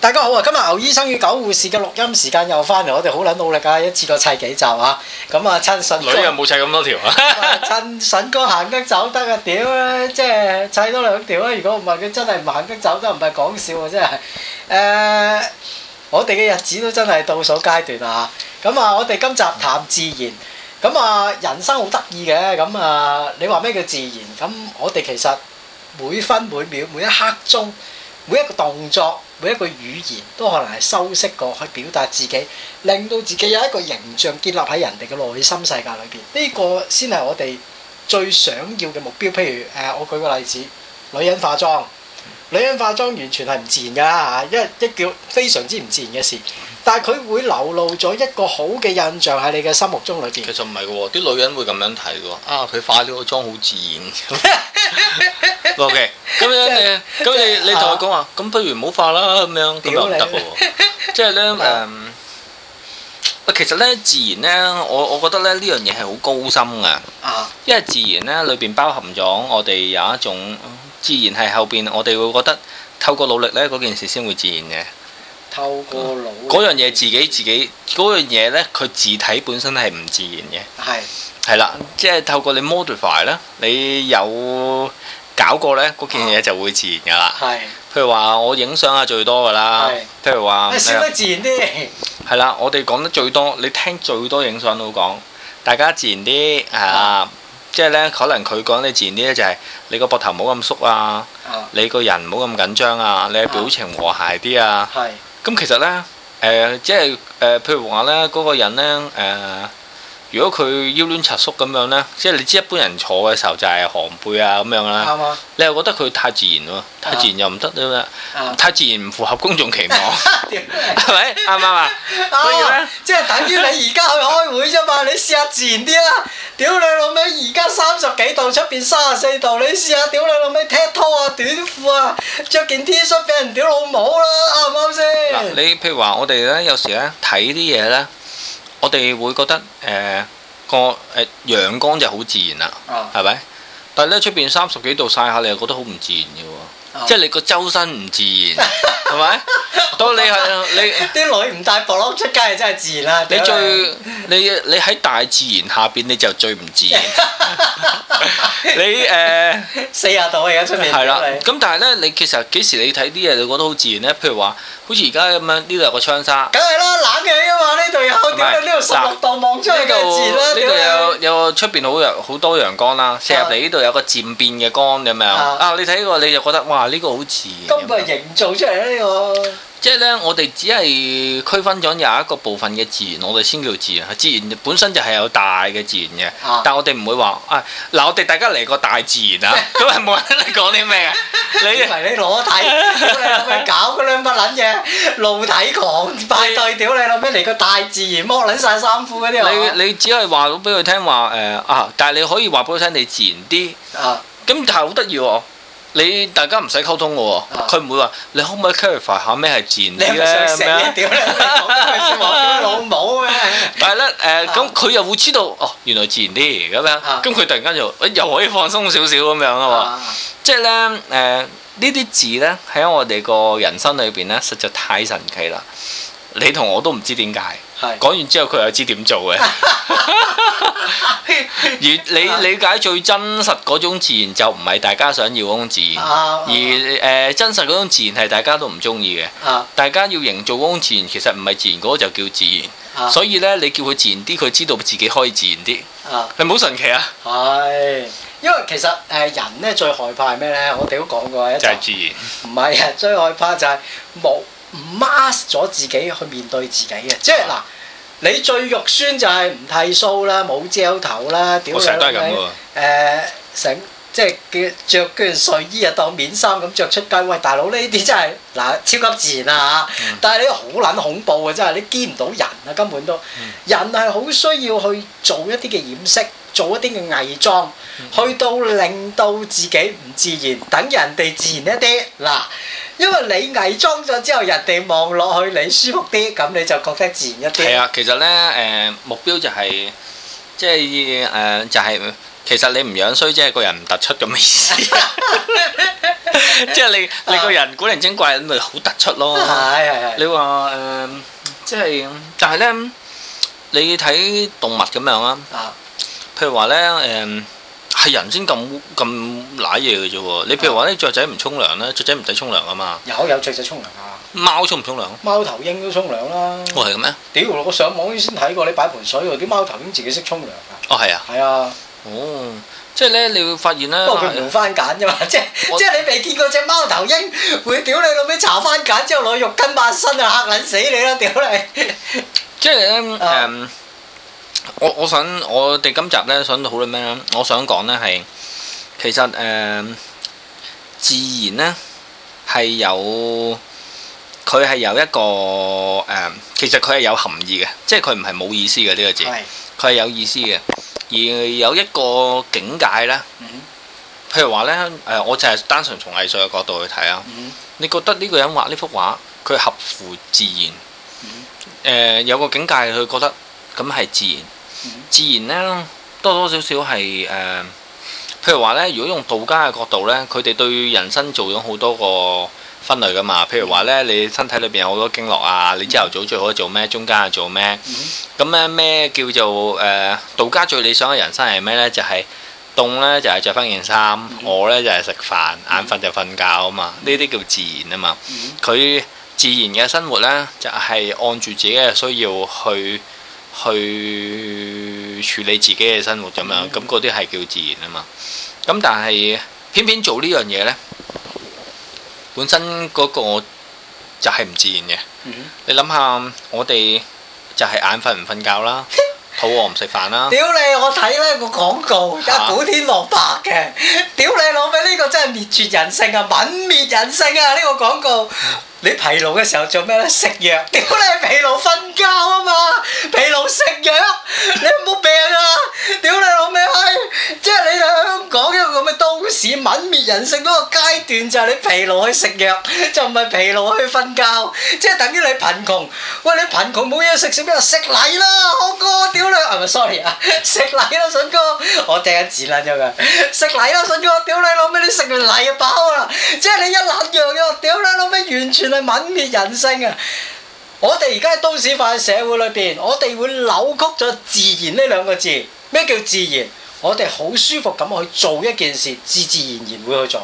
大家好啊！今日牛醫生與九護士嘅錄音時間又翻嚟，我哋好撚努力啊！一次過砌幾集啊！咁啊，陳信女又冇砌咁多條啊！陳信哥行得走得啊！屌啊！即係砌多兩條啊！如果唔係佢真係唔行得走得，唔係講笑啊！真係誒，我哋嘅日子都真係倒數階段啊。嚇！咁啊，我哋今集談自然，咁啊，人生好得意嘅，咁啊，你話咩叫自然？咁我哋其實每分每秒每一刻鐘，每一個動作，每一個語言，都可能係修飾過去表達自己，令到自己有一個形象建立喺人哋嘅內心世界裏邊。呢個先係我哋最想要嘅目標。譬如誒，我舉個例子，女人化妝。女人化妝完全係唔自然噶嚇，因為一一叫非常之唔自然嘅事。但係佢會流露咗一個好嘅印象喺你嘅心目中裏邊。其實唔係喎，啲女人會咁樣睇嘅喎。啊，佢化咗個妝好自然。 OK，咁樣咁你，就是，你同佢講話，咁不如唔好化啦咁樣，咁又唔得喎。即係咧誒，其實咧自然咧，我我覺得咧呢樣嘢係好高深嘅。啊，因為自然咧裏邊包含咗我哋有一種。自然係後面，我哋會覺得透過努力呢嗰件事先會自然嘅。透過努力嗰樣嘢自己自己嗰樣嘢呢，佢字體本身係唔自然嘅。係係啦，即係透過你 modify 咧，你有搞過呢嗰件嘢就會自然噶啦。係是，譬如話我影相係最多噶啦。係是，譬如話笑得自然啲。係啦，我哋講得最多，你聽最多影相都講，大家自然啲啊！即係咧，可能佢講你自然啲咧、就係，就係你個膊頭冇咁縮啊，啊你個人冇咁緊張啊，你嘅表情和諧啲啊。咁、啊、其實咧，誒、呃，即係誒、呃，譬如話咧，嗰、嗰個人咧，誒、呃。如果佢腰攣插縮咁樣呢，即係你知一般人坐嘅時候就係寒背啊咁樣啦。啱啊！你又覺得佢太自然喎，太自然又唔得啦，太自然唔符合公眾期望，係咪啱唔啱啊，即係等於你而家去開會啫嘛，你試下自然啲啦。屌你老味，而家三十幾度，出邊三十四度，你試下屌你老味，踢拖啊，短褲啊，着件 T 恤俾人屌老母啦，啱唔啱先？嗱，你譬如話我哋呢，有時咧睇啲嘢咧。我哋會覺得誒、呃、個誒、呃、陽光就好自然啦，係咪、啊？但係咧出邊三十幾度曬下，你又覺得好唔自然嘅喎。即係你個周身唔自然，係咪？當你係你啲女唔戴薄褸出街，係真係自然啦。你最你你喺大自然下邊，你就最唔自然。你誒，四廿度而家出邊係啦。咁但係咧，你其實幾時你睇啲嘢，你覺得好自然咧？譬如話，好似而家咁樣，呢度有個窗紗。梗係啦，冷嘅，吖嘛。呢度有呢度十六度，望出去嘅自然啦。呢度有有出邊好日好多陽光啦，射入嚟呢度有個漸變嘅光，咁樣啊？你睇呢個你就覺得哇！啊！呢、這個好自然，根本係營造出嚟呢、這個，即係咧，我哋只係區分咗有一個部分嘅自然，我哋先叫自然。自然本身就係有大嘅自然嘅，但係我哋唔會話啊嗱，我哋大家嚟個大自然啊，咁啊冇人嚟講啲咩啊？你以為你裸體，搞嗰兩把撚嘢露體狂派對屌你老味嚟個大自然剝撚晒衫褲嗰啲你你只係話俾佢聽話誒啊，但係你可以話俾佢聽你自然啲啊但，咁係好得意喎。你大家唔使溝通嘅喎、哦，佢唔、啊、會話你可唔可以 clarify 下咩係自然啲咧？咩啊？屌你老母咩？但係咧，誒咁佢又會知道哦，原來自然啲咁樣，咁、啊、佢、啊、突然間就、啊、又可以放鬆少少咁樣啊嘛！即係咧誒呢啲字咧喺我哋個人生裏邊咧，實在太神奇啦～你同我都唔知點解，是講完之後佢又知點做嘅。而你、你理解最真實嗰種自然就唔係大家想要嗰種自然，啊啊、而誒、呃、真實嗰種自然係大家都唔中意嘅。啊、大家要營造嗰種自然，其實唔係自然嗰、那個、就叫自然。啊、所以呢，你叫佢自然啲，佢知道自己可以自然啲，係咪好神奇啊？係，因為其實誒人呢，最害怕係咩呢？我哋都講過一，就係自然。唔係啊，最害怕就係冇。唔 mask 咗自己去面對自己嘅，即係嗱，啊、你最肉酸就係唔剃鬚啦，冇 gel 頭啦，屌都係咁。誒、呃、醒。即係叫著件睡衣啊，當面衫咁着出街。喂，大佬呢啲真係嗱超級自然啊嚇！嗯、但係你好撚恐怖呀真係，你見唔到人啊，根本都、嗯、人係好需要去做一啲嘅掩飾，做一啲嘅偽裝，去到令到自己唔自然，等人哋自然一啲嗱、嗯。因為你偽裝咗之後，人哋望落去你舒服啲，咁你就覺得自然一啲。係啊，其實咧誒、呃、目標就係即係誒就係、是。呃就是其實你唔樣衰，即係個人唔突出咁意思。即係你你個人古靈精怪，咪好突出咯。係係係。你話誒，即係，但係咧，你睇動物咁樣啊？啊。譬如話咧，誒，係人先咁咁瀨嘢嘅啫喎。你譬如話咧，雀仔唔沖涼咧，雀仔唔使沖涼啊嘛。有有雀仔沖涼啊。貓沖唔沖涼？貓頭鷹都沖涼啦。哇，係嘅咩？屌！我上網先睇過，你擺盆水喎，啲貓頭鷹自己識沖涼㗎。哦，係啊。係啊。哦，即係咧，你會發現咧，不過佢冇番梘啫嘛， 即係即係你未見過隻貓頭鷹會屌你老味搽番梘之後攞浴巾抹身啊，嚇卵死你啦，屌你！ 即係咧，誒、哦 um，我想我想我哋今集咧想討論咩？我想講咧係，其實誒，um, 自然咧係有，佢係有一個誒、嗯，其實佢係有含義嘅，即係佢唔係冇意思嘅呢、這個字，佢係是有意思嘅。而有一個境界呢，譬如話呢，誒，我就係單純從藝術嘅角度去睇啊。你覺得呢個人畫呢幅畫，佢合乎自然，呃，有個境界，佢覺得咁係自然。自然呢，多多少少係誒。呃譬如話咧，如果用道家嘅角度咧，佢哋對人生做咗好多個分類噶嘛。譬如話咧，你身體裏邊有好多經絡啊，你朝頭早最好做咩？中間又做咩？咁咧咩叫做誒、呃、道家最理想嘅人生係咩咧？就係凍咧就係着翻件衫，嗯、我咧就係、是、食飯，眼瞓就瞓覺啊嘛。呢啲叫自然啊嘛。佢、嗯、自然嘅生活咧就係、是、按住自己嘅需要去去。處理自己嘅生活咁樣，咁嗰啲係叫自然啊嘛。咁但係偏偏做呢樣嘢呢，本身嗰個就係唔自然嘅。嗯、你諗下，我哋就係眼瞓唔瞓覺啦。肚餓、啊啊啊、我唔食飯啦！屌你，我睇呢個廣告，而家古天樂拍嘅，屌你老味呢、呢個真係滅絕人性啊，泯滅人性啊！呢、呢個廣告，你疲勞嘅時候做咩咧？食藥？屌你，疲勞瞓覺啊嘛，疲勞食藥？你有冇病啊？屌你老味閪、哎，即係你喺香港嘅個咩？只泯滅人性嗰個階段就係、是、你疲勞去食藥，就唔係疲勞去瞓覺，即係等於你貧窮。喂，你貧窮冇嘢食，食咩？啊，食泥啦，迅哥，屌你，係咪 sorry 啊？食泥啦，迅哥，我第一字捻咗佢，食泥啦，迅哥，屌你老味，你食完埋泥飽啦，即係你一撚樣嘅，屌你老味，完全係泯滅人性啊！ 我哋而家喺都市化嘅社會裏邊，我哋會扭曲咗自然呢兩個字。咩叫自然？我哋好舒服咁去做一件事，自自然然會去做。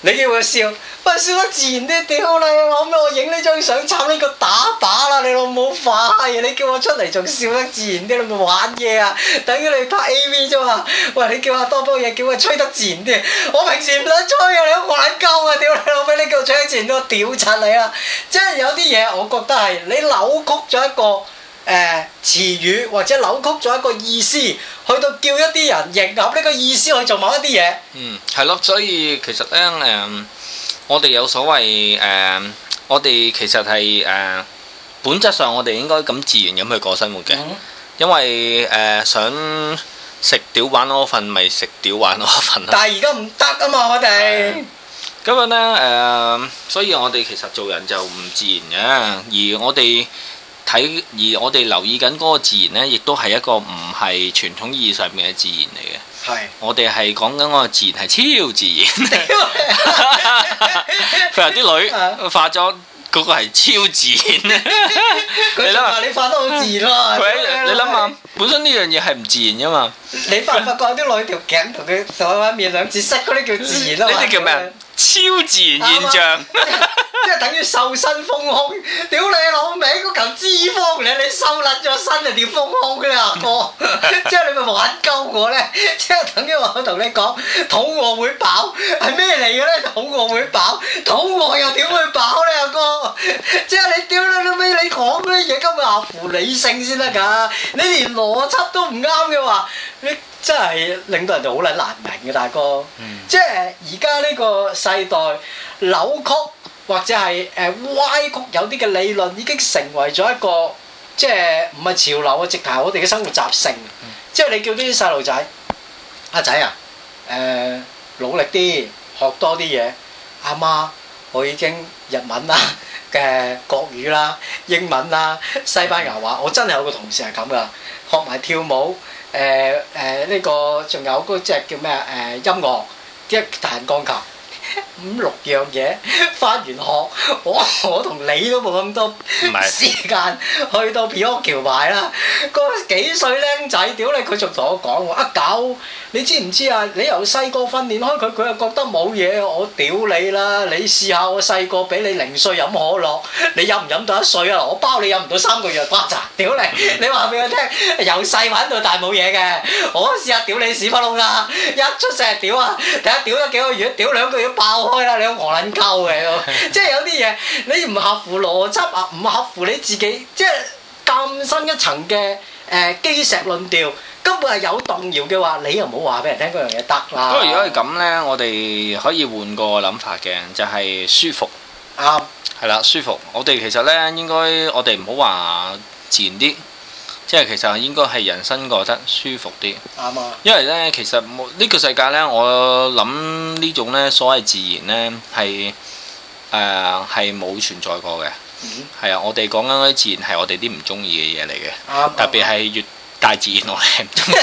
你叫佢笑，喂，笑得自然啲。屌你老母，我影呢張相插呢個打靶啦！你老母廢！你叫我出嚟仲笑得自然啲，你咪玩嘢啊！等於你拍 A V 啫嘛。喂，你叫我多波嘢，叫佢吹得自然啲。我平時唔想吹啊，你都玩鳩啊！屌你老母，你叫佢吹得自然都屌柒你啦！即係有啲嘢，我覺得係你扭曲咗一個。誒、呃、詞語或者扭曲咗一個意思，去到叫一啲人迎合呢個意思去做某一啲嘢。嗯，係咯，所以其實咧，誒、嗯，我哋有所謂誒、嗯，我哋其實係誒、嗯，本質上我哋應該咁自然咁去過生活嘅，嗯、因為誒、嗯、想食屌玩我份咪食屌玩我份。但係而家唔得啊嘛，我哋咁樣咧誒，所以我哋其實做人就唔自然嘅，而我哋。睇而我哋留意緊嗰個自然咧，亦都係一個唔係傳統意義上面嘅自然嚟嘅。係，我哋係講緊嗰個自然係超自然。譬如啲女化妝嗰個係超自然。你諗下，你化得好自然咯。佢，你諗下，本身呢樣嘢係唔自然嘅嘛？你發唔發覺啲女條頸同佢同佢塊面兩字色嗰啲叫自然咯？呢啲叫咩啊？超自然現象， 即係等於瘦身豐胸。屌你老味，嗰嚿脂肪你你收甩咗身就叫豐胸嘅阿哥。 即係你咪玩鳩我呢？即係等於話我同你講，肚餓會飽係咩嚟嘅呢？肚餓會飽，肚餓又點會飽呢？阿哥， 即係你屌你老味，你講嗰啲嘢根本合乎理性先得㗎。你連邏輯都唔啱嘅話，你真係令到人就好撚難明嘅大哥。嗯、即係而家呢個，世代扭曲或者係誒歪曲，有啲嘅理論已經成為咗一個即係唔係潮流嘅，直頭，我哋嘅生活習性。嗯、即係你叫啲細路仔阿仔啊，誒、呃、努力啲學多啲嘢。阿、啊、媽，我已經日文啦嘅、呃、國語啦、英文啦、西班牙話。嗯、我真係有個同事係咁噶，學埋跳舞誒誒呢個，仲有嗰隻叫咩誒、呃、音樂即彈鋼琴。五六樣嘢，返完學，我我同你都冇咁多時間去到皮屋橋買啦。嗰幾歲僆仔，屌你！佢仲同我講阿狗，你知唔知啊？你由細個訓練開佢，佢又覺得冇嘢。我屌你啦！你試下我細個俾你零歲飲可樂，你飲唔飲到一歲啊？我包你飲唔到三個月瓜雜。屌你！你話俾我聽，由細玩到大冇嘢嘅，我試下屌你屎窟窿啊！一出世屌啊，第一屌咗幾個月，屌兩個月。爆開啦！你又何能救嘅？ 即係有啲嘢你唔合乎邏輯啊，唔合乎你自己，即係咁深一層嘅誒、呃、基石論調，根本係有動搖嘅話，你又唔好話俾人聽嗰樣嘢得啦。不過如果係咁呢，我哋可以換個諗法嘅，就係、是、舒服。啱、啊。係啦，舒服。我哋其實呢，應該我哋唔好話自然啲。即係其實應該係人生過得舒服啲，啱啊、嗯！因為咧，其實呢個世界咧，我諗呢種咧所謂自然咧，係誒係冇存在過嘅，係啊、嗯！我哋講緊啲自然係我哋啲唔中意嘅嘢嚟嘅，嗯、特別係越大自然我係唔中意。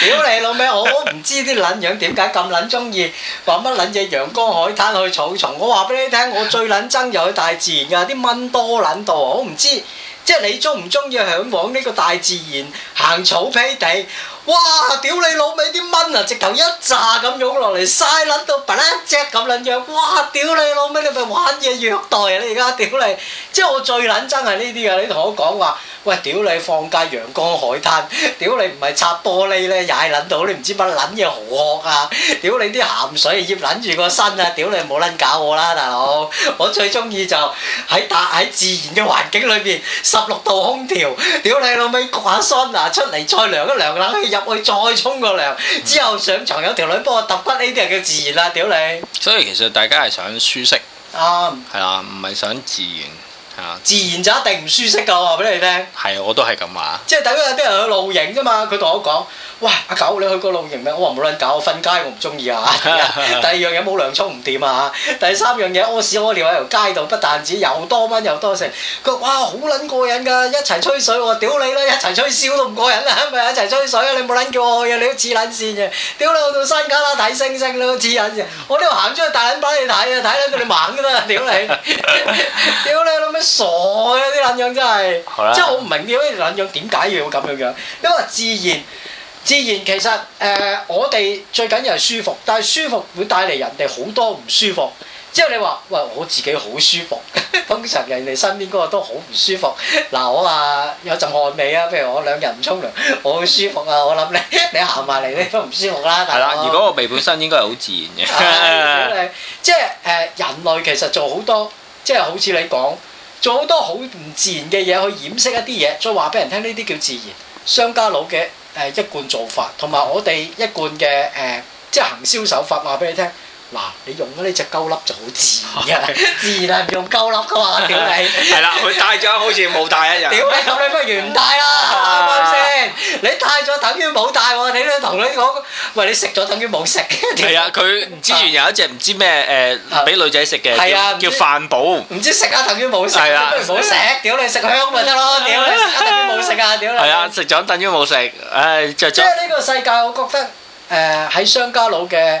屌你老味，我都唔知啲撚樣點解咁撚中意，話乜撚嘢陽光海灘去草叢，我話俾你聽，我最撚憎又去大自然㗎，啲蚊多撚到，我唔知。 即係你鍾唔鍾意向往呢個大自然行草披地？哇！屌你老味啲蚊啊！直頭一紮咁湧落嚟，曬撚到，白撚隻咁撚樣。哇！屌你老味，你咪玩嘢虐待啊！你而家屌你，即係我最撚憎係呢啲啊。你同我講話，喂！屌你放假陽光海灘，屌你唔係擦玻璃咧，曬撚到你唔知乜撚嘢蠔殼啊！屌你啲鹹水醃撚住個身啊！屌你冇撚搞我啦，大佬！我最中意就喺大喺自然嘅環境裏邊，十六度空調，屌你老味焗下桑拿啊！出嚟再涼一涼啦，入～入去再沖個涼，之後上床有條女幫我揼骨，呢啲係叫自然啦、啊，屌你！所以其實大家係想舒適，啱係啦，唔係想自然。自然就一定唔舒適噶，我話俾你聽。係，我都係咁話。即係等於有啲人去露營啫嘛，佢同我講：，喂，阿狗，你去過露營咩？我話冇捻搞，我瞓街，我唔中意啊。 第二樣嘢冇涼沖唔掂啊。第三樣嘢屙屎屙尿喺條街道，不但止，又多蚊又多食。」佢：，哇，好捻過癮噶，一齊吹水，我屌你啦，一齊吹燒都唔過癮啦，咪、啊、一齊吹水啊！你冇捻叫我去啊，你都似捻線嘅。屌你去到山旮旯睇星星你都似捻線。我呢度行出去大捻把你睇啊，睇到佢哋猛都得，屌你,你，屌你諗 傻嗰啲撚樣真係，吧即係我唔明點啲撚樣點解要咁樣樣。因為自然，自然其實誒、呃、我哋最緊要係舒服，但係舒服會帶嚟人哋好多唔舒服。之後你話喂我自己好舒服，通常人哋身邊嗰個都好唔舒服。嗱我話、啊、有陣汗味啊，譬如我兩日唔沖涼，我好舒服啊，我諗你你行埋嚟你都唔舒服啦。但係啦，如果個味本身應該係好自然嘅，即係誒人類其實做好多，即、就、係、是、好似你講。做好多好唔自然嘅嘢去掩飾一啲嘢，再話俾人聽，呢啲叫自然，商家佬嘅誒、呃、一貫做法，同埋我哋一貫嘅誒即係行銷手法，話俾你聽。嗱，你用咗呢隻鳩笠就好自然嘅啦，自然啊，唔用鳩笠嘅嘛，屌你！係啦，佢戴咗好似冇戴一樣。屌你！咁你不如唔戴啦？啱唔啱先？你戴咗等於冇戴喎，你都同你講，喂，你食咗等於冇食。係啊，佢之前有一隻唔知咩誒，俾女仔食嘅，叫叫飯寶。唔知食啊，等於冇食。係啊，唔好食，屌你食香咪得咯，屌你，等於冇食啊，屌你！係啊，食咗等於冇食，唉，即係。即係呢個世界，我覺得誒喺商家佬嘅。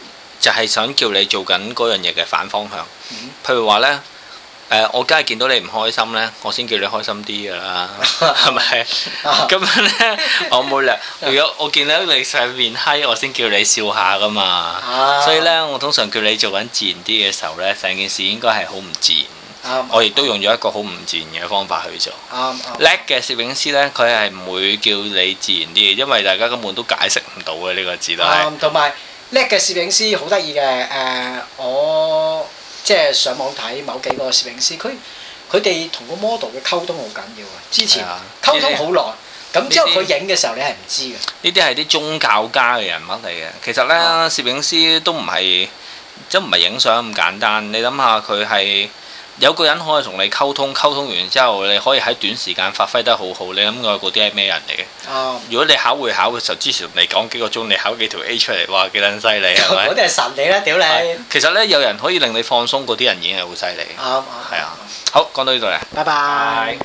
就係想叫你做緊嗰樣嘢嘅反方向。譬如話咧，誒，我梗係見到你唔開心咧，我先叫你開心啲㗎啦，係咪？咁樣咧，我冇理如果我見到你成面閪，我先叫你笑下㗎嘛。所以咧，我通常叫你做緊自然啲嘅時候咧，成件事應該係好唔自然。我亦都用咗一個好唔自然嘅方法去做。啱啱叻嘅攝影師咧，佢係唔會叫你自然啲，因為大家根本都解釋唔到嘅呢個字。同埋。叻嘅攝影師好得意嘅，誒、呃、我即係上網睇某幾個攝影師，佢佢哋同個 model 嘅溝通好緊要啊，之前溝通好耐，咁呢啲之後佢影嘅時候你係唔知嘅。呢啲係啲宗教家嘅人物嚟嘅，其實呢，啊、攝影師都唔係即唔係影相咁簡單，你諗下佢係。有個人可以同你溝通，溝通完之後你可以喺短時間發揮得好好，你諗過嗰啲係咩人嚟嘅？哦、嗯！如果你考會考嘅時候，之前你講幾個鐘，你考幾條 A 出嚟，哇幾撚犀利，係咪？啲係、嗯、吧 神你啦，屌你！其實咧，有人可以令你放鬆，嗰啲人已經係好犀利。啱、嗯嗯、啊！嗯、好，講到呢度啦，拜拜。